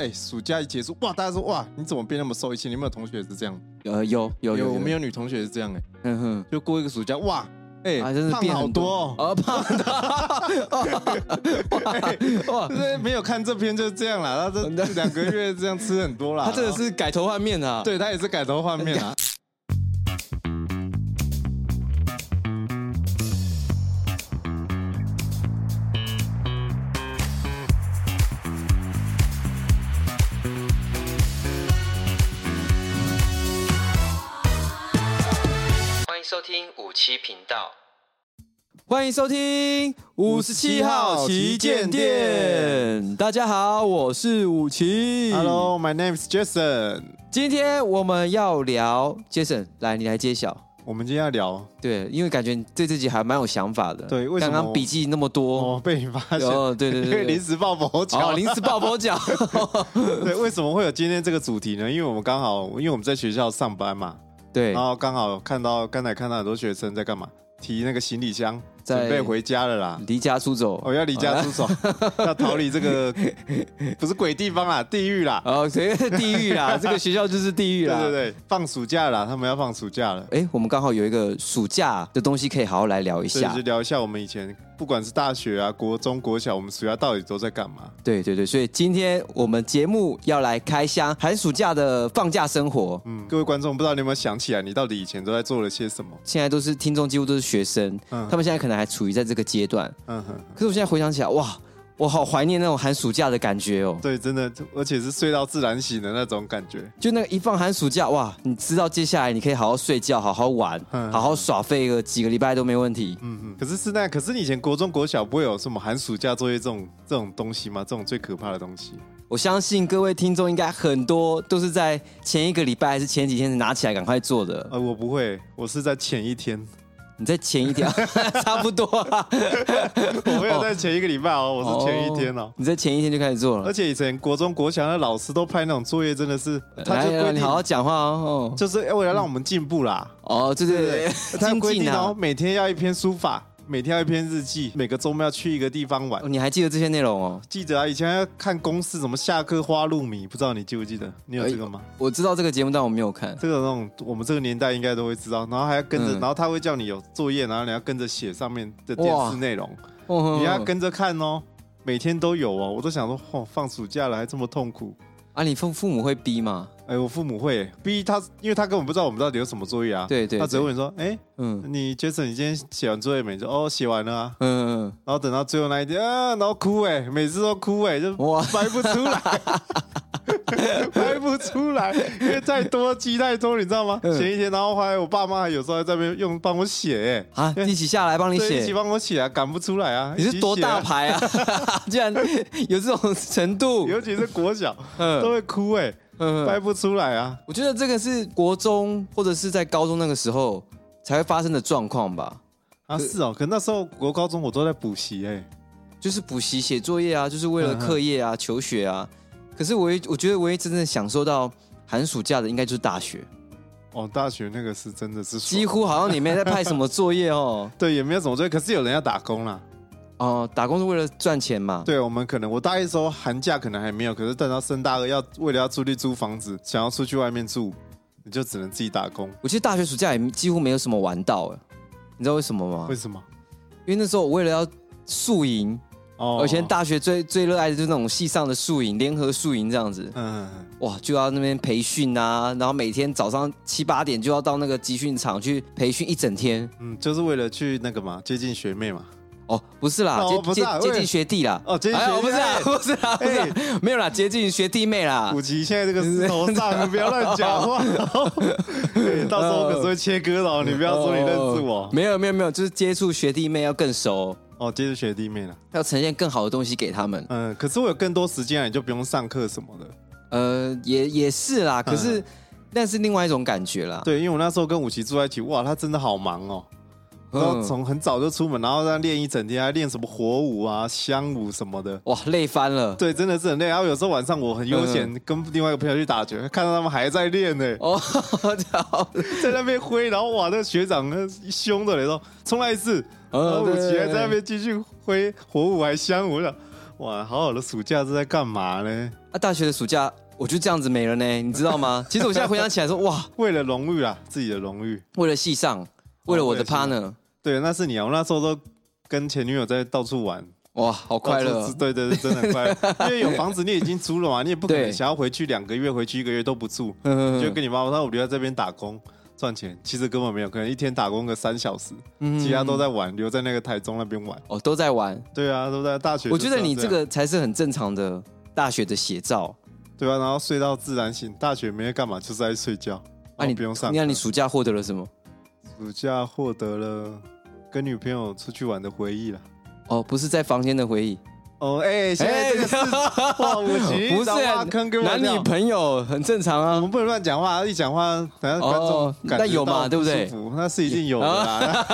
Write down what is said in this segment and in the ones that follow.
哎、欸，暑假一結束，哇，大家說哇，你怎麼變那麼瘦？一些，你們有，有同學是這樣？呃，有有有，我們有，有，有，有女同學是這樣、欸，哎，嗯哼，就過一個暑假，哇，哎、欸啊，真的變胖好多哦，啊胖的、啊，對， 哇欸、哇沒有看這篇就是這樣啦，他這兩個月這樣吃很多啦，他這個是改頭換面啊，對，他也是改頭換面啊。 頻道，歡迎收聽五十七號奇鑑店。大家好，我是五七。Hello, my name is Jason。今天我們要聊，Jason，來，你來揭曉。我們今天要聊，對，因為感覺對自己還蠻有想法的。對，為什麼剛剛筆記那麼多、哦、被你發現？對對對,對 臨、哦，臨時抱佛腳，臨時抱佛腳。對，為什麼會有今天這個主題呢？因為我們剛好，因為我們在學校上班嘛。對，然後剛好看到剛才看到很多學生在幹嘛，提那個行李箱。準備回家了啦，離家出走，我、哦、要離家出走， 要逃離這個不是鬼地方啦，地獄啦，哦，誰？地獄啦， 這個學校就是地獄啦，對對對，放暑假啦，他們要放暑假了，哎、欸，我們剛好有一個暑假的東西可以好好來聊一下，就聊一下我們以前不管是大學啊、國中、國小，我們暑假到底都在幹嘛？對對對，所以今天我們節目要來開箱寒暑假的放假生活，嗯，各位觀眾，不知道你有沒有想起來，你到底以前都在做了些什麼？現在都是聽眾，幾乎都是學生，嗯、他們現在可能還。還處於在這個階段，嗯哼。嗯嗯，可是我現在回想起來，哇，我好懷念那種寒暑假的感覺哦、喔。對，真的，而且是睡到自然醒的那種感覺。就那個一放寒暑假，哇，你知道接下來你可以好好睡覺、好好玩、嗯嗯、好好耍廢個幾個禮拜都沒問題。嗯哼、嗯。可是現在，可是你以前國中國小不會有什麼寒暑假作業這種這種東西嗎？這種最可怕的東西。我相信各位聽眾應該很多都是在前一個禮拜還是前幾天拿起來趕快做的。呃，我不會，我是在前一天。你在前一天、啊，差不多、啊。 我沒有在前一個禮拜哦、喔，我是前一天哦、喔。Oh, oh, 你在前一天就開始做了，而且以前國中國強的老師都拍那種作業，真的是，他就、哎、跟你好好講話哦，oh、就是哎，為了、欸、讓我們進步啦。哦，就是，對對對，他們規定然、喔、後進、啊、每天要一篇書法。每天要一篇日記，每個周末要去一個地方玩。哦、你還記得這些內容哦？記得啊，以前還要看公視什麼下課花路米，不知道你記不記得？你有這個嗎？欸、我知道這個節目，但我沒有看。這個那種我們這個年代應該都會知道，然後還要跟着，嗯、然後他會叫你有作業，然後你要跟着寫上面的電視內容，哇你要跟着看哦。每天都有哦。我都想說，放、哦、放暑假了還這麼痛苦啊？你父父母會逼嗎？哎，我父母會，第他因為他根本不知道我們到底有什麼作業啊，對對對，他只會問說，哎、欸，嗯你，你 Jason 你今天寫完作業沒？你就哦，寫完了啊，嗯嗯，然後等到最後那一天啊，然後哭哎，每次都哭哎，就掰不出來，掰哇 不出來，因為在多期待中你知道嗎？前、嗯、一天，然後後來我爸媽有時候在那邊用幫我寫，哎啊，一起下來幫你寫，一起幫我寫、啊，趕不出來啊，你是多大牌啊？竟 然有這種程度，尤其是國小，都會哭哎。嗯，掰、呃、不出來啊！我覺得這個是國中或者是在高中那個時候才會發生的狀況吧。啊，可是哦，可那時候國高中我都在補習哎，就是補習寫作業啊，就是為了課業啊、呵呵求學啊。可是我，我覺得唯一真正享受到寒暑假的，應該就是大學。哦，大學那個是真的是幾乎好像你沒在派什麼作業哦， 對，也沒有什麼作業，可是有人要打工啦。哦，打工是為了賺錢嘛？對，我們可能我大一時候寒假可能還沒有，可是等到升大二要為了要出去租房子，想要出去外面住，你就只能自己打工。我記得大學暑假也幾乎沒有什麼玩到，哎，你知道為什麼嗎？為什麼？因為那時候我為了要宿營，哦，以前大學最最熱愛的就是那種系上的宿營、聯合宿營這樣子，嗯，哇，就要那邊培訓啊，然後每天早上七八點就要到那個集訓場去培訓一整天，嗯，就是為了去那個嘛，接近學妹嘛。哦，不是啦，接接近學弟啦。哦，接近學弟，不是啊，不是啊，不是，沒有啦，接近學弟妹啦。武吉現在這個頭上，你不要亂講話，到時候我可是會切割的哦。你不要說你認識我。沒有沒有沒有，就是接觸學弟妹要更熟哦，接觸學弟妹了，要呈現更好的東西給他們。嗯，可是我有更多時間，也就不用上課什麼的。呃，也也是啦，可是，但是另外一種感覺啦。對，因為我那時候跟武吉住在一起，哇，他真的好忙哦。然後從很早就出門，然後在那練一整天，還練什麼火舞啊、香舞什麼的，哇，累翻了。對，真的是很累。然後有時候晚上我很悠閒，嗯嗯跟另外一個朋友去打拳，看到他們還在練呢、欸。哦，操， 在那邊揮，然後哇，那學長那兇的，你說重來一次，哦、然後我起來對對對對在那邊繼續揮火舞還香舞，我想，哇，好好的暑假是在幹嘛呢？啊，大學的暑假我就這樣子沒了呢，你知道嗎？ 其實我現在回想起來說，哇，為了榮譽啊，自己的榮譽，為了系上，為了我的 partner、哦。對，那是你啊！我那時候都跟前女友在到處玩，哇，好快樂！對對對，真的很快樂， 因為有房子你已經租了嘛，你也不可能想要回去兩個月，回去一個月都不住，對就跟你媽媽說，我留在這邊打工賺錢。其實根本沒有，可能一天打工個三小時，嗯、其他都在玩，留在那個台中那邊玩。哦，都在玩。對啊，都在大學。我覺得你這個才是很正常的大學的寫照。對啊，然後睡到自然醒。大學沒有幹嘛，就是在睡覺。那你不用上、啊你。你看你暑假獲得了什麼？暑假獲得了跟女朋友出去玩的回憶了。哦，不是在房間的回憶。哦，哎，現在這個事情不行，不是男女朋友很正常啊。我們不能亂講話，一講話，等下觀眾有嘛，感到不舒服，那是一定有的。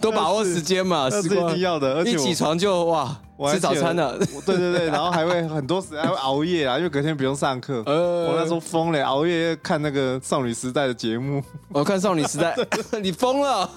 都把握時間嘛，那是必要的。一起床就哇。我吃早餐的，對對對，然後還會很多時還會熬夜啊，因為隔天不用上課，我那時候瘋了，熬夜看那個少女時代的節目，我看少女時代。你瘋了，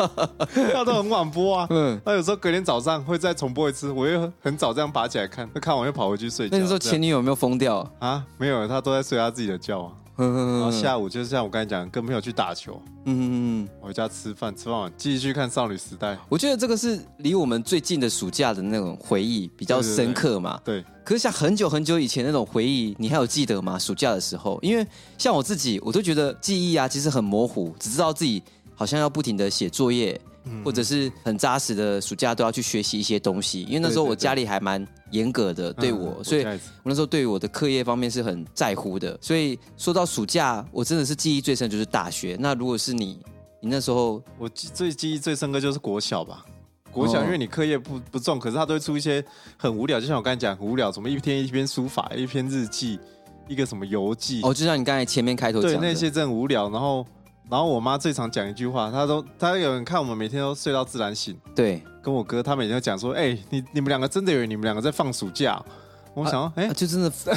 那都很晚播啊。嗯，那有時候隔天早上會再重播一次，我又很早這樣爬起來看，看完又跑回去睡覺。那你說前女友有沒有瘋掉啊？沒有，她都在睡她自己的覺啊。嗯，然後下午就是像我剛才講，跟朋友去打球。嗯嗯嗯，回家吃飯，吃飯完繼續去看少女時代。我覺得這個是離我們最近的暑假的那種回憶，比較深刻嘛。對，對，對，對。對。可是像很久很久以前那種回憶，你還有記得嗎？暑假的時候，因為像我自己，我都覺得記憶啊其實很模糊，只知道自己好像要不停地寫作業。或者是很紮實的，暑假都要去學習一些東西，因為那時候我家裡還蠻嚴格的對我，所以我那時候對於我的課業方面是很在乎的。所以說到暑假，我真的是記憶最深就是大學。那如果是你，你那時候我記最記憶最深刻就是國小吧？國小因為你課業不不重，可是他都會出一些很無聊，就像我剛才講，很無聊，什麼一篇一篇書法，一篇日記，一個什麼遊記。哦，就像你剛才前面開頭講的那些真的無聊，然後。然後我媽最常講一句話，她都她有人看我們每天都睡到自然醒，對，跟我哥他每天都講說哎，你你們兩個真的以為你們兩個在放暑假？我想說，哎，就真的，對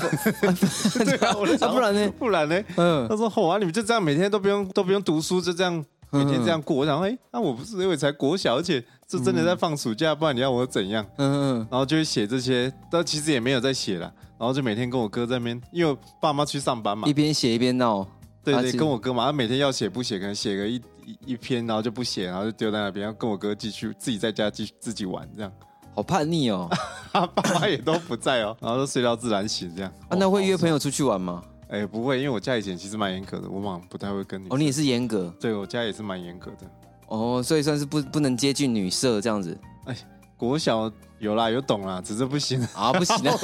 啊，不然呢？不然呢？嗯，她說好啊，你們就這樣每天都不用都不用讀書，就這樣每天這樣過。我想說，哎，那我不是因為才國小，而且是真的在放暑假，不然你要我怎樣？嗯嗯。然後就會寫這些，但其實也沒有在寫了，然後就每天跟我哥在那邊，因為爸媽去上班嘛，一邊寫一邊鬧。對，對對，跟我哥嘛，他、啊、每天要寫不寫，可能寫個一一篇，然後就不寫，然後就丟在那邊，要跟我哥繼續自己在家繼續自己玩這樣，好叛逆哦、喔， 爸媽也都不在哦、喔，然後都睡到自然醒這樣。啊、哇那會約朋友出去玩嗎？哎、哦欸，不會，因為我家以前其實蠻嚴格的，我媽不太會跟你。哦，你也是嚴格，對我家也是蠻嚴格的哦，所以算是不不能接近女色這樣子。哎，國小有啦有懂啦，只是不行啊，不行，不要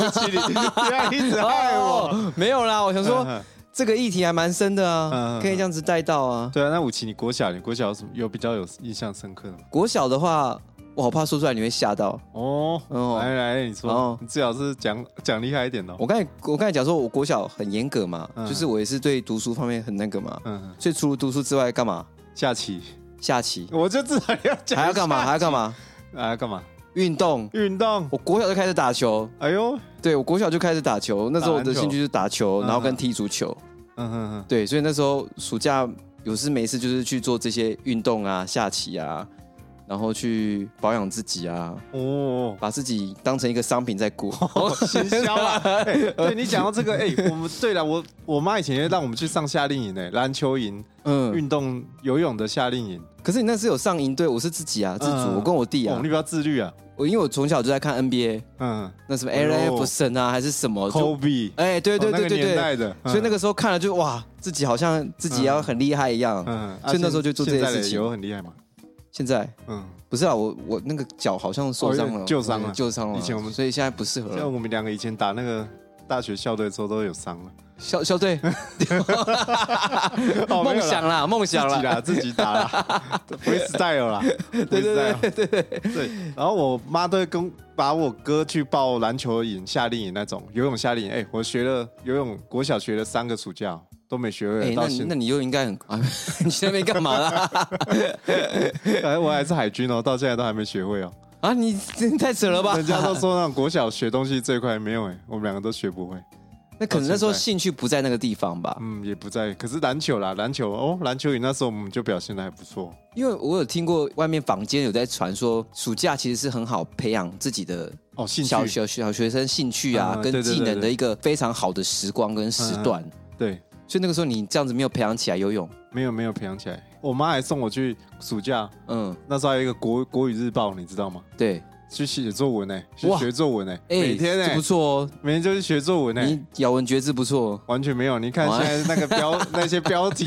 得 一直愛我、哦，沒有啦，我想說。呵呵這個議題還蠻深的啊，可以這樣子帶到啊。對啊，那57你國小，你國小有什麼有比較有印象深刻的嗎？國小的話，我好怕說出來你會嚇到哦。哦，來來，你說，你最好是講講厲害一點的。我剛才我剛才講說，我國小很嚴格嘛，就是我也是對讀書方面很那個嘛。嗯，所以除了讀書之外，幹嘛？下棋，下棋。我這次還要講，還要幹嘛？還要幹嘛？還要幹嘛？運動，運動，我國小就開始打球。哎呦，對，我國小就開始打球。那時候我的興趣是打球，打球然後跟踢足球。嗯哼哼，對，所以那時候暑假有事沒事就是去做這些運動啊，下棋啊，然後去保養自己啊。哦,哦,哦,哦，把自己當成一個商品在顧哦,哦， 行銷啊、 欸。對你講到這個，哎、欸，我們對了，我我媽以前也讓我們去上夏令營誒、欸，籃球營，嗯，運動游泳的夏令營。可是你那是有上營隊，我是自己啊，自主。我跟我弟啊，我們比較自律啊。我因為我從小就在看 NBA，嗯，那什麼 Allen Iverson 啊，還是什麼 Kobe，哎，對對對對對，所以那個時候看了就哇，自己好像自己要很厲害一樣，嗯，所以那時候就做這些事情，有很厲害嘛？現在，嗯，不是啊，我我那個腳好像受傷了，舊傷了。舊傷。以前我們所以現在不適合。像我們兩個以前打那個大學校隊的時候都有傷了。小小隊、 哦，夢想啦，夢想啦，自己打啦，freestyle 啦，對對對對不不對，對，對，對，對。然後我媽都會跟把我哥去報籃球營、夏令營那種游泳夏令營。哎、欸，我學了游泳，國小學了三個暑假、喔、都沒學會到、欸那。那你又應該很， 你現在沒幹嘛啦？哎、 啊，我還是海軍哦、喔，到現在都還沒學會哦、喔。啊，你你太扯了吧？人家都說那國小學東西最快，沒有哎、欸，我們兩個都學不會。那可能那時候興趣不在那個地方吧，嗯，也不在。可是籃球啦，籃球哦，籃球與那時候我們就表現的還不錯。因為我有聽過外面坊間有在傳說，暑假其實是很好培養自己的小、哦、興趣小小學生興趣啊，嗯、啊跟技能的一個非常好的時光跟時段。嗯啊、對,對,對,對，所以那個時候你這樣子沒有培養起來游泳，沒有沒有培養起來。我媽還送我去暑假，嗯，那時候還有一個國國語日報，你知道嗎？對。去寫作文呢，去學作文呢，每天呢，不錯哦，每天就是學作文呢。你咬文嚼字不錯。完全沒有。你看現在那個標那些標題，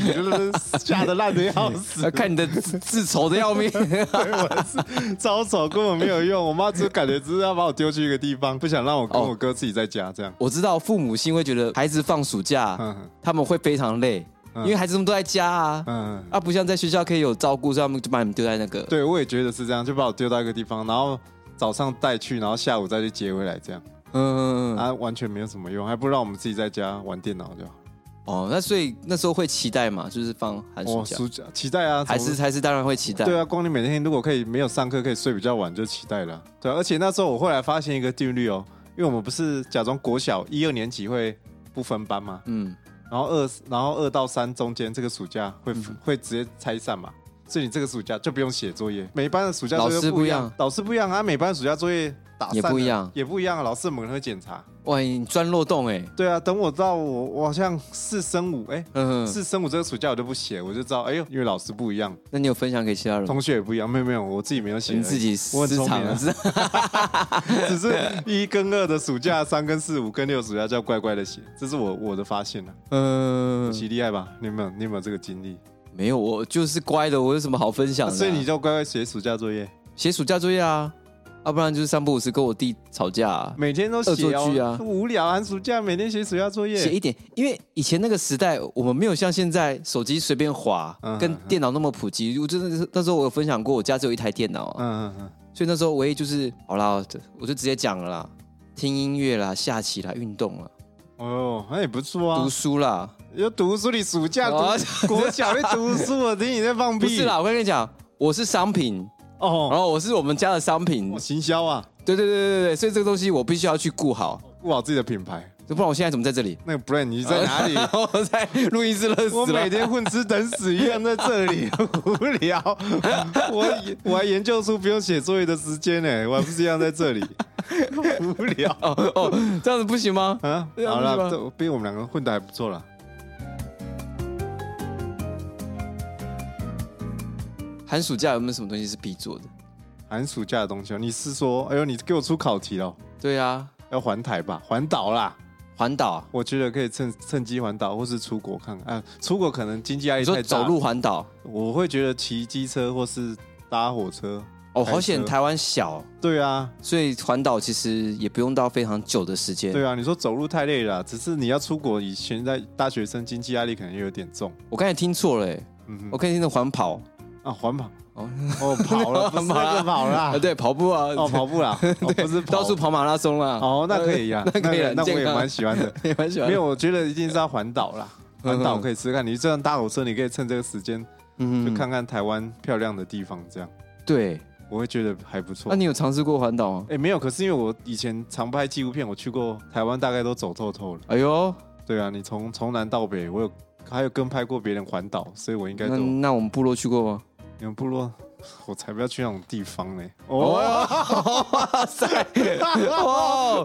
嚇得爛的要死。看你的字醜的要命，我字超醜，根本沒有用。我媽就感覺只是要把我丟去一個地方，不想讓我跟我哥自己在家這樣。我知道父母心會覺得孩子放暑假，他們會非常累，因為孩子們都在家啊，啊不像在學校可以有照顧，他們就把你們丟在那個。對，我也覺得是這樣，就把我丟到一個地方，然後。早上帶去，然後下午再去接回來，這樣，嗯，嗯，嗯，嗯，嗯啊，完全沒有什麼用，還不如讓我們自己在家玩電腦就好，哦，那所以那時候會期待嘛，就是放寒暑假，哦，暑假期待啊，還是還是當然會期待，對啊，光你每天如果可以沒有上課可以睡比較晚就期待了，啊，對、啊，而且那時候我後來發現一個定律哦、喔，因為我們不是假裝國小一二年級會不分班嘛，嗯，然後二然後二到三中間這個暑假會、嗯、會直接拆散嘛。所以你這個暑假就不用寫作業，每一班的暑假作業不一樣，老師不一樣老師不一樣啊！每班暑假作業打算、啊、也不一樣，也不一樣、啊，老師沒人會檢查。萬一你鑽漏洞哎！對啊，等我到我我好像四升五哎，欸、呵呵四升五這個暑假我都不寫，我就知道哎呦，因為老師不一樣。那你有分享給其他人？同學也不一樣，沒有沒有，我自己沒有寫，你自己、欸、我很聰明，只是一跟二的暑假，三跟四五跟六的暑假就要乖乖的寫，這是我我的發現呢、啊。嗯，很厲害吧？你有沒有你有沒有這個經歷？沒有，我就是乖的。我有什麼好分享的、啊？所以你就乖乖寫暑假作業，寫暑假作業啊，要、啊、不然就是三不五時跟我弟吵架、啊，每天都惡、哦、作劇啊，無聊。寒暑假每天寫暑假作業，寫一點，因為以前那個時代我們沒有像現在手機隨便滑跟電腦那麼普及。嗯、哼哼我真的那時候我有分享過，我家只有一台電腦、啊，嗯嗯嗯，所以那時候唯一就是好啦，我就直接講了啦，聽音樂啦，下棋啦，運動啦，哦，那也不錯啊，讀書啦。要讀書，你暑假國國小在讀書，我聽你在放屁。不是啦，我跟你講，我是商品哦，然後我是我們家的商品，行銷啊，對對對對對，所以這個東西我必須要去顧好，顧好自己的品牌，就不然我現在怎麼在這裡？那個 brand 你在哪裡？我在路易斯樂。我每天混吃等死一樣在這裡，無聊。我我還研究出不用寫作業的時間呢，我還不是一樣在這裡，無聊。哦，這樣子不行嗎？啊，好了，比我們兩個混的還不錯了。寒暑假有沒有什麼東西是必做的？寒暑假的東西哦，你是說，哎呦，你給我出考題嘍？對呀，啊，要環台吧？環島啦，環島島，我覺得可以趁趁機環島，或是出國看看。哎，呃，出國可能經濟壓力太大。走路環島，我會覺得騎機車或是搭火車。哦，車好險，台灣小。對啊，所以環島其實也不用到非常久的時間。對啊，你說走路太累了，只是你要出國以前，在大學生經濟壓力可能又有點重。我剛才聽錯了，嗯哼，我剛才聽成環跑。啊環跑哦哦跑了馬拉跑了對跑步啊哦跑步啦不是到處跑馬拉松啦。哦那可以啊那可以啊那我也蠻喜歡的也蠻喜歡沒有我覺得一定是要環島啦。環島可以試看你這輛大火車你可以趁這個時間去看看台灣漂亮的地方這樣對我會覺得還不錯那你有嘗試過環島嗎？哎沒有可是因為我以前常拍紀錄片我去過台灣大概都走透透了哎呦對啊你從從南到北我有還有跟拍過別人環島所以我應該都那我們部落去過嗎？你們部落，我才不要去那種地方呢！哇塞，哇哦！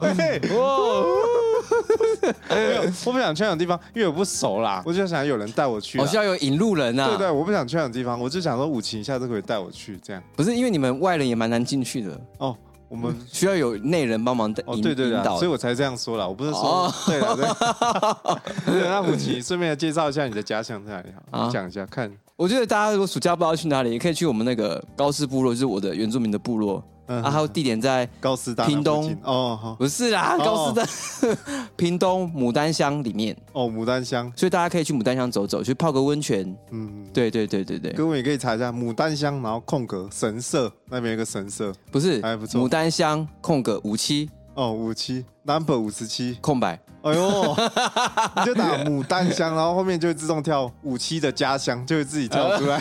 我不想去那種地方，因為我不熟啦。我就想有人帶我去，我需要有引路人吶。對對，我不想去那種地方，我就想說五七一下都可以帶我去，這樣。不是，因為你們外人也蠻難進去的哦。我們需要有內人幫忙引引導，所以我才這樣說啦。我不是說，對。那五七順便介紹一下你的家鄉在哪裡，講一下看。我覺得大家如果暑假不知道去哪裡，也可以去我們那個高斯部落，就是我的原住民的部落。嗯哼，啊，還有地點在高斯師屏東哦，不是啦，哦、高師在、哦、 屏東牡丹鄉裡面。哦，牡丹鄉，所以大家可以去牡丹鄉走走，去泡個溫泉。嗯，對對對對對，各位也可以查一下牡丹鄉，然後空格神社，那邊有個神社，不是，還、還不錯。牡丹鄉空格五七，哦，五七 number 五十七空白。哎呦， 你就打牡丹香， 然後後面就會自動跳五七的家鄉， 就會自己跳出來。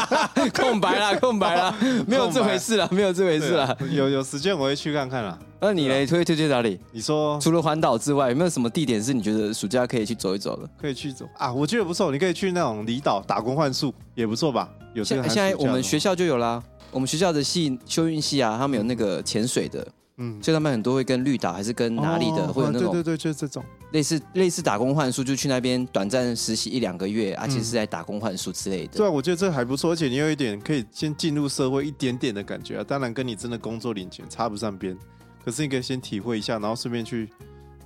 空白啦，空白啦，沒有這回事啦，空白。沒有這回事啦。有啦有，有時間我會去看看啦。那、啊、你呢？推推薦哪裡？你說除了環島之外，有沒有什麼地點是你覺得暑假可以去走一走的？可以去走啊，我覺得不錯。你可以去那種離島打工換宿也不錯吧？有現在現在我們學校就有啦，我們學校的系休運系啊，他們有那個潛水的。嗯，所以他們很多會跟綠島，還是跟哪裡的，會有、哦、那種對對對，就是這種類似類似打工換宿，就去那邊短暫實習一兩個月，而且、嗯啊、是在打工換宿之類的。對啊，我覺得這還不錯，而且你有一點可以先進入社會一點點的感覺啊。當然，跟你真的工作領錢差不上邊，可是你可以先體會一下，然後順便去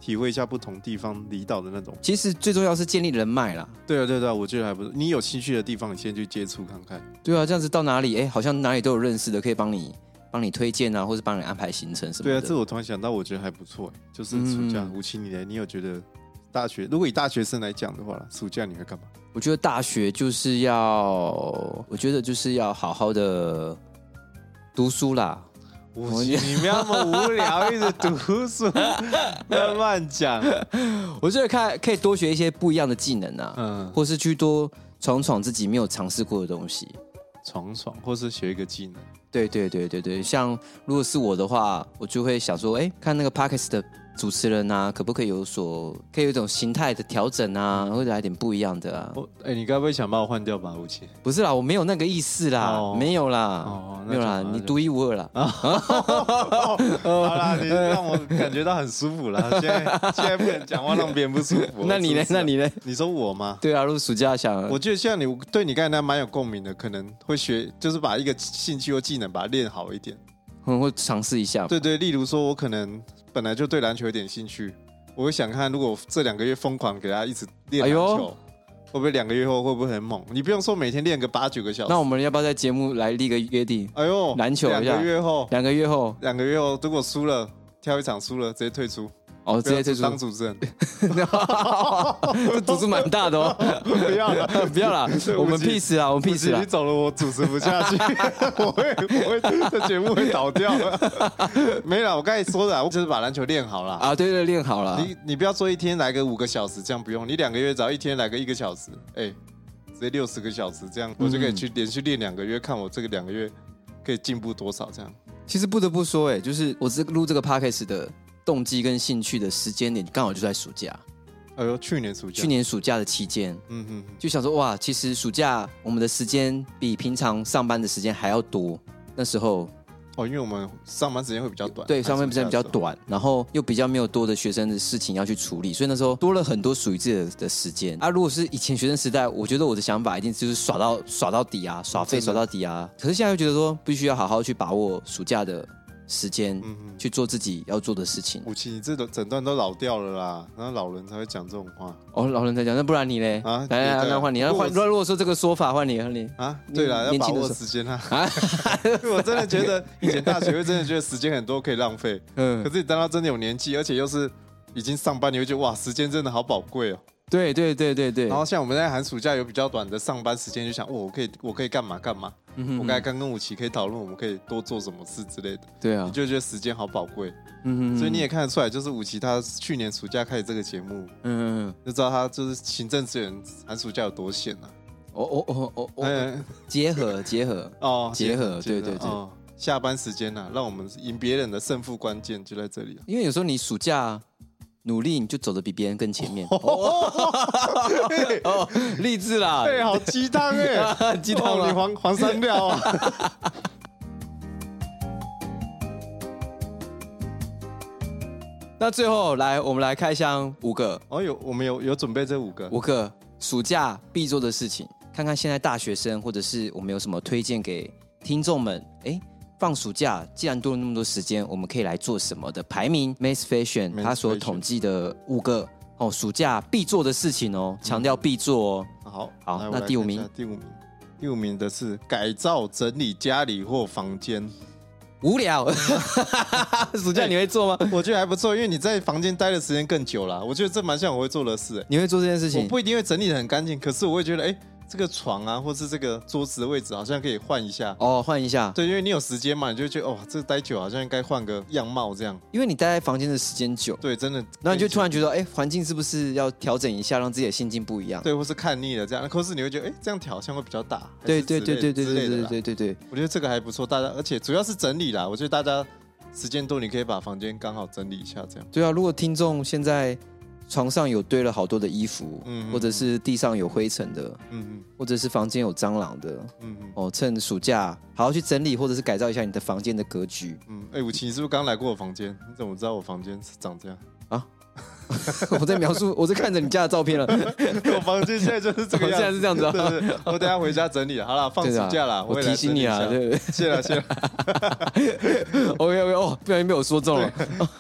體會一下不同地方離島的那種。其實最重要是建立人脈啦。對啊對啊，我覺得還不錯。你有興趣的地方，你先去接觸看看。對啊，這樣子到哪裡，哎、欸，好像哪裡都有認識的，可以幫你。幫你推薦啊，或者幫你安排行程什麼？對啊，這我突然想到，我覺得還不錯、欸、就是暑假、嗯、五七你呢？你有覺得大學？如果以大學生來講的話，暑假你會幹嘛？我覺得大學就是要，我覺得就是要好好的讀書啦。我，我你不要那麼無聊， 一直讀書，不要亂講、啊。 我覺得看可以多學一些不一樣的技能啊，嗯，或是去多闖闖自己沒有嘗試過的東西，闖闖，或是學一個技能。對對對對對，像如果是我的話，我就會想說，哎，看那個 Pockets 的。主持人吶，可不可以有所，可以有一種形態的調整啊，或者來點不一樣的啊？我，哎，你該不會想把我換掉吧？57，不是啦，我沒有那個意思啦，沒有啦，沒有啦，你獨一無二啦。好啦，你讓我感覺到很舒服了。現在，現在不能講話讓別人不舒服。那你呢？那你呢？你說我嗎？對啊，如果暑假想，我覺得像你，對你剛才蠻有共鳴的，可能會學，就是把一個興趣或技能把它練好一點。嗯、會嘗試一下，對對，例如說，我可能本來就對籃球有點興趣，我會想看，如果這兩個月瘋狂給他一直練籃球。哎呦，會不會兩個月後會不會很猛？你不用說每天練個八九個小時。那我們要不要在節目來立個約定？哎呦，籃球兩個月後，兩個月後，兩個月後，如果輸了，跳一場輸了直接退出。哦，oh, 直接就當主持人，肚子蠻大的哦、喔。 不要了 啦， 不要了，我們屁事啊，我們屁事啊。 你走了，我主持不下去， 我會，我會 這節目會倒掉。 沒了，我剛才說的，我就是把籃球練好了啊。對對，練好了。好啦你你，不要做一天來個五個小時，這樣不用。你兩個月只要一天來個一個小時，哎、欸，直接六十個小時，這樣我就可以去連續練兩個月，嗯、看我這個兩個月可以進步多少。這樣，其實不得不說、欸，哎，就是我是錄這個 podcast 的。動機跟興趣的時間點剛好就在暑假。哎呦，去年暑假，去年暑假的期間，嗯哼，就想說哇，其實暑假我們的時間比平常上班的時間還要多。那時候，哦，因為我們上班時間會比較短，對，上班時間比較短，然後又比較沒有多的學生的事情要去處理，所以那時候多了很多屬於自己的的時間。啊，如果是以前學生時代，我覺得我的想法一定就是耍到耍到底啊，耍廢耍到底啊。可是現在又覺得說，必須要好好去把握暑假的。時間去做自己要做的事情。57你這整段都老掉了啦，然後老人才會講這種話。哦，老人才講，那不然你嘞？啊，當然換你，換。那如果說這個說法，換你和你啊，對了，要把握時間啊。啊，我真的覺得以前大學會真的覺得時間很多可以浪費。嗯，可是你當他真的有年紀，而且又是已經上班，你會覺得哇，時間真的好寶貴哦。對對對對對，然後像我們在寒暑假有比較短的上班時間，就想哦，我可以我可以幹嘛幹嘛，嗯哼嗯，我剛才剛跟57可以討論，我們可以多做什麼事之類的。對啊，你就覺得時間好寶貴。嗯，哼嗯，所以你也看得出來，就是57他去年暑假開始這個節目，嗯嗯哼就知道他就是行政職員。寒暑假有多閒吶、啊哦。哦哦哦哦嗯， 結合結合哦，結合對對對，對、哦，下班時間吶、啊，讓我們贏別人的勝負關鍵就在這裡、啊。因為有時候你暑假。努力你就走得比別人更前面，勵志啦！對，好雞湯耶！雞湯、哦哦、你黃黃三料啊！ 那最後來，我們來開箱五個哦，有我們有有準備這五個五個暑假必做的事情，看看現在大學生或者是我們有什麼推薦給聽眾們哎。欸放暑假，既然多了那麼多時間，我們可以來做什麼的排名？Mans Fashion 他 fashion 所統計的五個哦，暑假必做的事情哦，強調、嗯、必做、哦。好，好，那第五名，第五名，第五名的是改造整理家裡或房間。無聊， 暑假你會做嗎？欸、我覺得還不錯，因為你在房間待的時間更久了。我覺得這蠻像我會做的事、欸。你會做這件事情？我不一定會整理得很乾淨，可是我會覺得，哎、欸。這個床啊，或是這個桌子的位置，好像可以換一下哦，換、oh, 一下，對，因為你有時間嘛，你就覺得哦，這待久好像應該換個樣貌這樣，因為你待在房間的時間久，對，真的，那你就突然覺得，哎、欸，環境是不是要調整一下，讓自己的心境不一樣？對，或是看膩了這樣，那可是你會覺得，哎、欸，這樣調像會比較大，對對對對對對對對對，我覺得這個還不錯，大家，而且主要是整理啦，我覺得大家時間多，你可以把房間剛好整理一下，這樣對啊，如果聽眾現在。床上有堆了好多的衣服，嗯,嗯，或者是地上有灰塵的，嗯,嗯，或者是房間有蟑螂的，嗯,嗯，哦，趁暑假好好去整理，或者是改造一下你的房間的格局，嗯，哎、欸，57，你是不是剛來過我房間？你怎麼知道我房間是長這樣啊？ 我在描述， 我在看着你家的照片了。 我房間現在就是這個樣子， 現在是這樣子啊。我等一下回家整理好了，好啦，放暑假了。啊、我，我提醒你啊，謝謝了，謝 了 OK OK，哦，不小心被我說中了。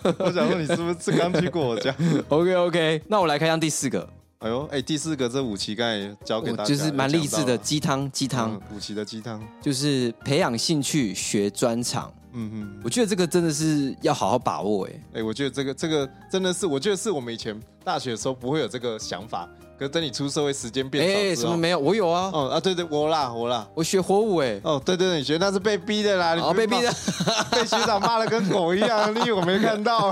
我想說你是不是剛去過我家 ？OK OK，那我來看一下第四個。哎呦，哎、欸，第四個這57剛才也交給大家，就是蠻勵志的雞湯雞湯。57、嗯、的雞湯就是培養興趣學專長。嗯嗯，我覺得這個真的是要好好把握哎哎，我覺得這個這個真的是，我覺得是我們以前大學的時候不會有這個想法，可是等你出社會，時間變長。哎，什麼沒有？我有啊！哦、啊，對對，我啦我啦，我學火舞哎！哦，對對你你學那是被逼的啦，好被逼的，被學長罵的跟狗一樣，你以為我沒看到？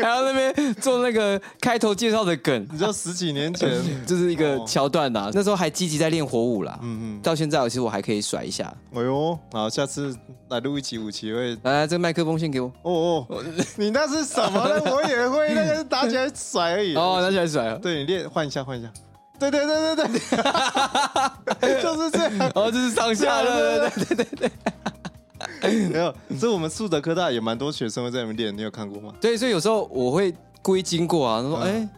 然後那邊做那個開頭介紹的梗，你知道十幾年前就是一個橋段吶，那時候還積極在練火舞啦，嗯嗯，到現在其實我還可以甩一下。哎呦，好，下次。來錄一期五期會來、呃，這個麥克風線給我。哦哦，你那是什麼呢？ 我也會那個打起來甩而已。哦，打起來甩。對，你練，換一下，換一下。對對對對對，就 是這樣。哦，這是上下。樣對對對對哈哈沒有，所以我們樹德科大有蠻多學生會在裡面練，你有看過嗎？對，所以有時候我會故意經過啊，他說：“哎、嗯。”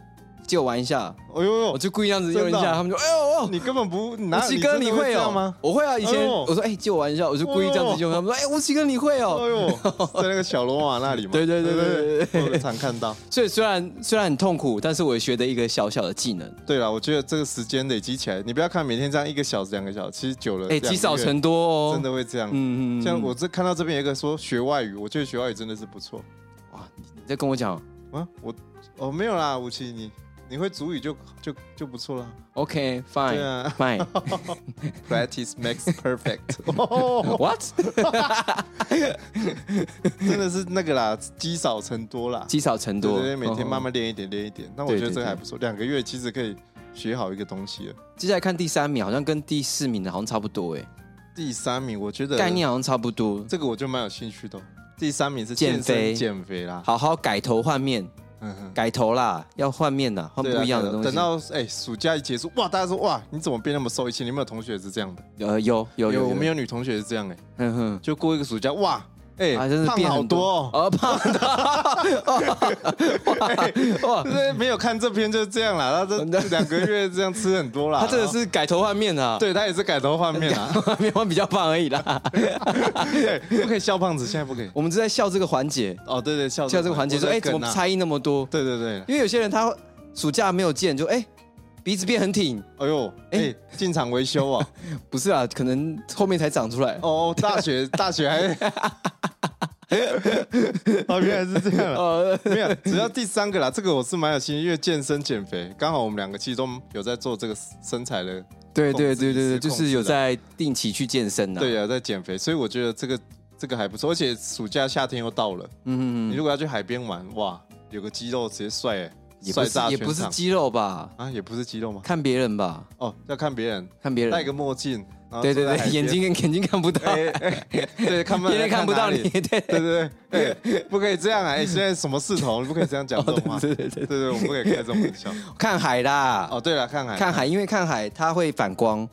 借我玩一下，哎呦，我就故意這樣子用一下，他們說，哎呦，你根本不，57哥你會哦嗎？我會啊，以前我說，哎，借我玩一下，我就故意這樣子用，他們說，哎，57哥你會哦，在那個小羅馬那裡嗎？對對對對，我常看到。所以雖然雖然很痛苦，但是我也學得一個小小的技能。對了，我覺得這個時間累積起來，你不要看每天這樣一個小時、兩個小時，其實久了，哎，積少成多，哦。真的會這樣。嗯嗯，像我這看到這邊有一個說學外語，我覺得學外語真的是不錯。哇，你在跟我講啊？我哦沒有啦，57你。你會主語就就就不錯了。OK，Fine，Fine。Practice makes perfect。What？真的是那個啦，積少成多啦，積少成多。每天慢慢練一點，練一點。那我覺得這個還不錯，兩個月其實可以學好一個東西了。接下來看第三名，好像跟第四名的好像差不多哎。第三名，我覺得概念好像差不多，這個我就蠻有興趣的。第三名是減肥，減肥啦，好好改頭換面。嗯、改頭啦，要換面啦，換不一樣的東西。啊、等到、欸、暑假一結束，哇，大家說哇，你怎麼變那麼瘦？以前你有沒有同學是這樣的？呃，有有有，我們有，有女同學是這樣哎、欸，嗯哼就過一個暑假，哇。哎，胖好多哦！而、哦、胖！哈哈哈哈哈！就哇、欸、哇沒有看這篇，就是這樣啦。他這兩個月這樣吃很多啦。他這個是改頭換面啊，對他也是改頭換面啊，換面換比較胖而已啦 、欸。不可以笑胖子，現在不可以。我們是在笑這個環節哦，對對，笑笑這個環節、啊、說，哎、欸，怎麼差異那麼多？對對對，因為有些人他暑假沒有見，就哎。欸鼻子變很挺，哎呦，哎、欸，進廠維修啊？ 不是啊，可能後面才長出來。哦，大學，大學還，哦，原來是這樣 哦，沒有，只要第三個啦，這個我是蠻有心的，因為健身減肥，剛好我們兩個其中有在做這個身材的。對對對對對，就是有在定期去健身的。對啊，在減肥，所以我覺得這個這個還不錯，而且暑假夏天又到了，嗯，嗯，你如果要去海邊玩，哇，有個肌肉直接帥哎、欸。也不是也不是肌肉吧？啊，也不是肌肉嗎？看別人吧。哦，要看別人，看別人。戴個墨鏡。對對對，眼睛跟眼睛看不到。對，看不到，別人看不到你。對對對，不可以這樣啊！現在什麼勢頭，不可以這樣講話。對對對，我們不可以開這種玩笑。看海啦！哦，對了，看海。看海，因為看海它會反光，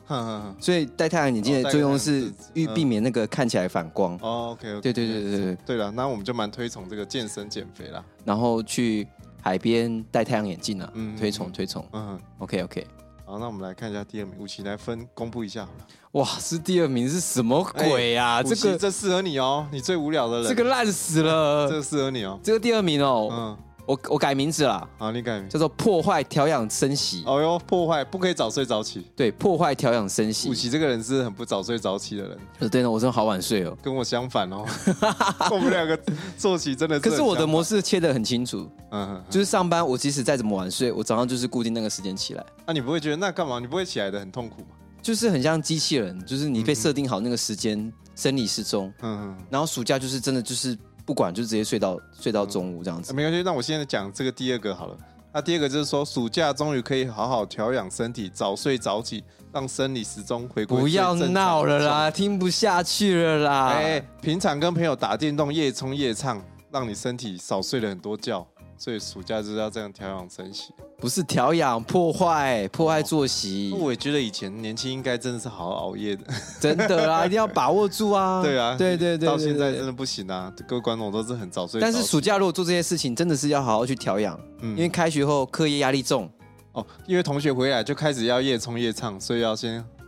所以戴太陽眼鏡的作用是欲避免那個看起來反光。OK。對對對對對對。對了，那我們就蠻推崇這個健身減肥啦，然後去。海邊戴太陽眼鏡啊、嗯，推，推崇推崇，嗯，OK OK，好，那我們來看一下第二名，57來分公布一下好了，哇，是第二名是什麼鬼啊？欸、這個這適合你哦，你最無聊的人，這個爛死了，欸、這個適合你哦，這個第二名哦，嗯。我我改名字了啊！你改名叫做破壞調養生息。哦呦，破壞不可以早睡早起。對，破壞調養生息。五七這個人是很不早睡早起的人。哦、對呢，我真的好晚睡哦，跟我相反哦。 我們兩個作息真的。可是我的模式切的很清楚，嗯，哼嗯哼，就是上班我即使再怎麼晚睡，我早上就是固定那個時間起來。那、啊、你不會覺得那幹嘛？你不會起來的很痛苦嗎？就是很像機器人，就是你被設定好那個時間、嗯、哼生理時鐘。嗯哼然後暑假就是真的就是。不管就直接睡到睡到中午這樣子，嗯、沒關係。那我現在講這個第二個好了。那第二個就是說，暑假終於可以好好調養身體，早睡早起，讓生理時鐘回歸。不要鬧了啦，聽不下去了啦。欸欸，平常跟朋友打電動，夜衝夜唱，讓你身體少睡了很多覺。所以暑假就是要這樣調養作息，不是調養破壞破壞作息。哦，我也覺得以前年輕應該真的是好好熬夜的，真的啦， 一定要把握住啊。對啊，對對對，對對對，到現在真的不行啊，各位觀眾都是很早睡。但是暑假如果做這些事情，對對對，真的是要好好去調養，嗯，因為開學後課業壓力重。哦，因為同學回來就開始要夜衝夜唱，所以要先。.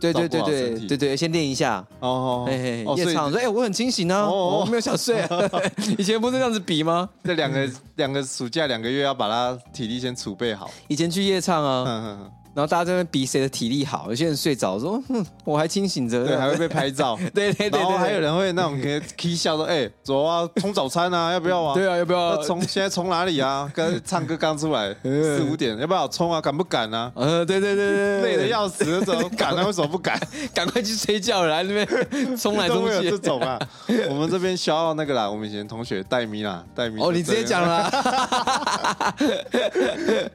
對對對對對對，對對對先練一下哦，哦，哦。嘿，嘿，哦、夜唱說，哎、欸，我很清醒呢、啊，哦哦哦我沒有小睡。啊。 以前不是這樣子比嗎？這兩個兩 個暑假兩個月要把它體力先儲備好。以前去夜唱啊。 然後大家在那邊比誰的體力好，有些人睡着說、嗯，我還清醒着，對，還會被拍照， 對對對、對。然後還有人會那種可以笑說，哎、欸，走啊，衝早餐啊，要不要啊？對啊，要不要、啊？衝現在衝哪裡啊？剛唱歌剛出來 4,，四五 點，要不要衝啊？敢不敢啊？呃，對對對對，累得要死，怎麼敢呢、啊？為什麼不敢？趕 快去睡覺了啦，這來那邊衝來衝去就走吧。 我們這邊小傲那個啦，我們以前同學戴米啦，戴米。哦，你直接講啦，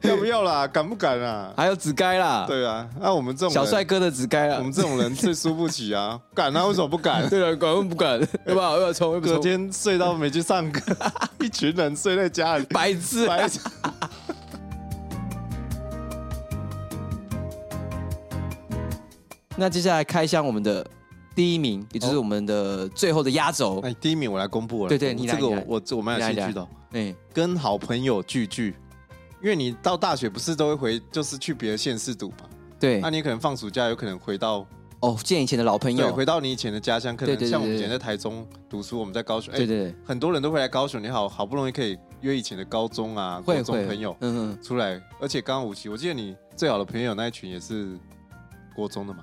要不要啦？敢不敢啦？還有子干。該啦，對啊，那我們這種小帥哥的只該啦，我們這種人最輸不起啊，敢啊，為什麼不敢？對啊，敢不敢，對吧？要不要，要不要衝，昨天睡到沒去上課，一群人睡在家裡，白痴，白痴。那接下來開箱我們的第一名，也就是我們的最後的壓軸。哎，第一名我來公布了，對對，你來這個我我我蠻有興趣的，哎，跟好朋友聚聚。因為你到大學不是都會回，就是去別的縣市讀嘛。對，那、啊、你可能放暑假有可能回到哦，見以前的老朋友，對回到你以前的家鄉，可能像我們以前在台中讀書，對對對對我們在高雄，欸、對對，對，對很多人都會來高雄。你好好不容易可以約以前的高中啊，會高中的朋友，嗯嗯，出來。嗯、而且剛剛五期，我記得你最好的朋友那一群也是國中的嘛。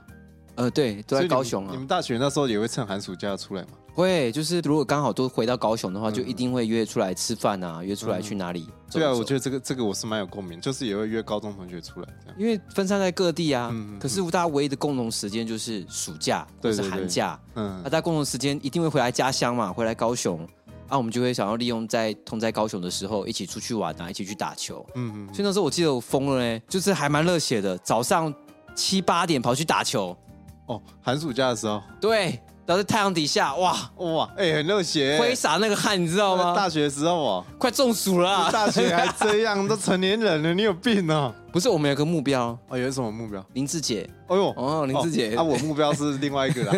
呃，對，都在高雄、喔你。你們大學那時候也會趁寒暑假出來嘛？會，就是如果剛好都回到高雄的話，就一定會約出來吃飯啊，嗯、約出來去哪裡？嗯、走走對啊，我覺得這個這個我是蠻有共鳴，就是也會約高中同學出來這樣，因為分散在各地啊。嗯嗯、可是大家唯一的共同時間就是暑假、嗯、或者是寒假，對對對嗯，啊、大家共同時間一定會回來家鄉嘛，回來高雄，啊，我們就會想要利用在同在高雄的時候一起出去玩啊，一起去打球。嗯嗯。嗯所以那時候我記得我瘋了嘞、欸，就是還蠻熱血的，早上七八點跑去打球。哦，寒暑假的時候。對。然後在太陽底下，哇哇，哎、欸，很熱血，揮灑那個汗，你知道嗎？大學的時候啊，快中暑了、啊。大學還這樣， 都成年人了，你有病啊！不是，我們有個目標啊、哦，有什麼目標？林志杰。哦，林志杰，那我目標是另外一個啦，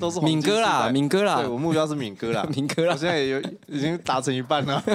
都是敏哥啦，敏哥啦，對，我目標是敏哥啦，敏哥啦，現在也有已經達成一半了，不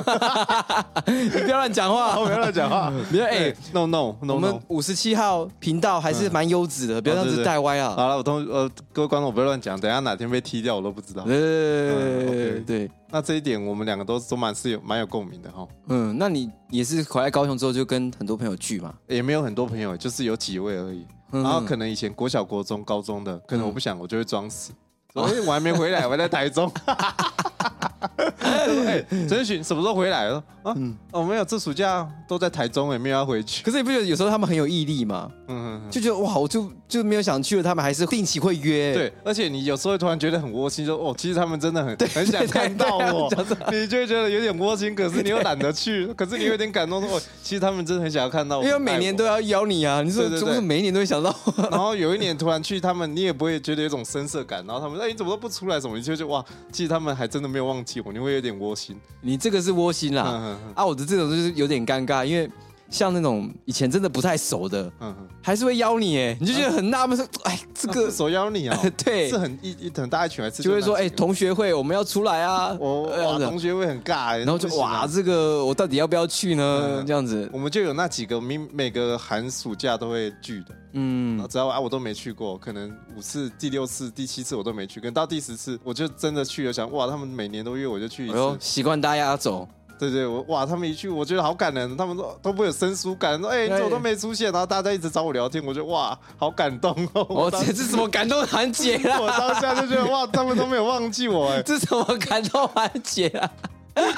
要亂講話，不要亂講話，你說哎，no no 我們五十七號頻道還是蠻優質的，不要讓這帶歪啊。好了，我同呃各位觀眾，我不要亂講，等下哪天被踢掉我都不知道。對對，那這一點我們兩個都都蠻是有蠻有共鳴的哈。嗯，那你也是回來高雄之後就跟很多朋友聚嘛？也沒有很多朋友，就是有幾位而已。然後可能以前國小、國中、高中的，可能我不想，我就會裝死。嗯嗯我我還沒回來，我在台中。哈哈哈哈哈！哎，陳奕迅什麼時候回來？啊，我沒有，這暑假都在台中也沒有要回去。可是你不覺得有時候他們很有毅力嗎？嗯，就覺得哇，我就就沒有想去了，他們還是定期會約。對，而且你有時候突然覺得很窩心，說哦，其實他們真的很很想看到我，你就會覺得有點窩心。可是你又懶得去，可是你有點感動說哦，其實他們真的很想要看到我，因為每年都要邀你啊。你說是不是每一年都會想到我？然後有一年突然去他們，你也不會覺得有種生澀感。然後他們。那你怎麼都不出來？什麼你就就哇？其實他們還真的沒有忘記我，你會有點窩心。你這個是窩心啦，呵呵呵。啊！我的這種就是有點尷尬，因為。像那種以前真的不太熟的，還是會邀你哎，你就覺得很納悶說，哎，這個手邀你啊？對，是很一一大一群來吃，就會說，哎，同學會我們要出來啊，我哇，同學會很尬，然後就哇，這個我到底要不要去呢？這樣子，我們就有那幾個每每個寒暑假都會聚的，嗯，然後啊，我都沒去過，可能五次、第六次、第七次我都沒去，跟到第十次我就真的去了，想哇，他們每年都約我就去，然後習慣大家走。對，對對，我哇，他們一去，我覺得好感人。他們都，都不會有生疏感，說哎，你、欸、對我都沒出現，然後大家一直找我聊天，我覺得哇，好感動哦。哦，我當時，這是什麼感動環節啊？我當下就覺得哇，他們都沒有忘記我哎。這是什麼感動環節啊？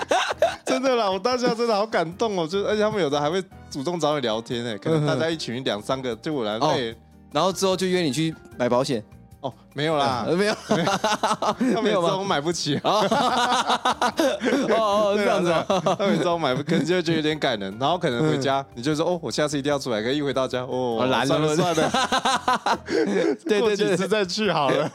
真的啦，我當下真的好感動哦，就是而且他們有的還會主動找你聊天呢，可能大家一群兩三個就，對我來累。欸、然後之後就約你去買保險。哦，沒有啦，沒有，沒有，沒有嗎？我買不起啊！哦，這樣子啊，沒有，我買不，可能就會覺得有點感人。然後可能回家，你就說哦，我下次一定要出來。可是一回到家，哦，我懶了，算了，算了，過幾次再去好了。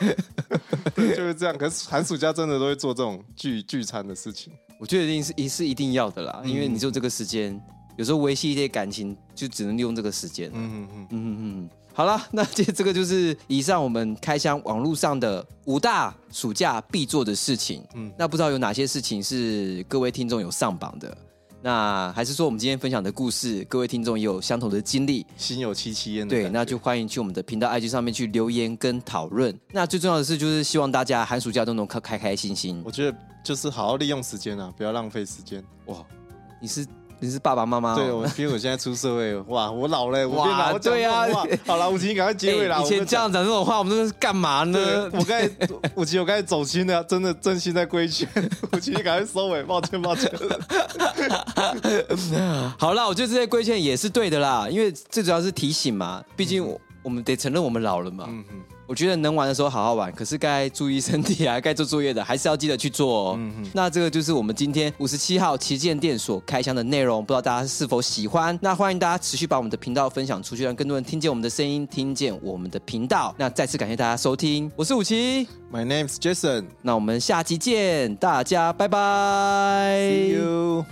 就是這樣，可是寒暑假真的都會做這種聚聚餐的事情。我覺得一定是一是一定要的啦，因為你做這個時間，有時候維繫一些感情，就只能用這個時間。嗯嗯嗯嗯。好了，那這這個就是以上我們開箱網絡上的五大暑假必做的事情。嗯，那不知道有哪些事情是各位聽眾有上榜的？那還是說我們今天分享的故事，各位聽眾也有相同的經歷，心有戚戚焉。對，那就歡迎去我們的頻道 IG 上面去留言跟討論。 那最重要的是，就是希望大家寒暑假都能開開開心心。我覺得就是好好利用時間啊，不要浪費時間。哇，你是？你是爸爸媽媽、哦，對，我比如我現在出社會，哇，我老了，我老哇，我這對呀、啊，好了，57，趕快結尾了、欸。以前這樣講這種話，我，我們這是幹嘛呢？我剛才，57， 我剛才走心了，真的真心在規勸。57，你趕快收尾、欸，抱歉，抱歉。 好了，我覺得這些規勸也是對的啦，因為最主要是提醒嘛，畢竟我，、嗯、哼我們得承認我們老了嘛。嗯哼。我覺得能玩的時候好好玩，可是該注意身體啊，該做作業的還是要記得去做哦。嗯、哼那這個就是我們今天五十七號奇鑑店所開箱的內容，不知道大家是否喜歡？那歡迎大家持續把我們的頻道分享出去，讓更多人聽見我們的聲音，聽見我們的頻道。那再次感謝大家收聽，我是五七，My name is Jason。那我們下期見，大家拜拜。See you.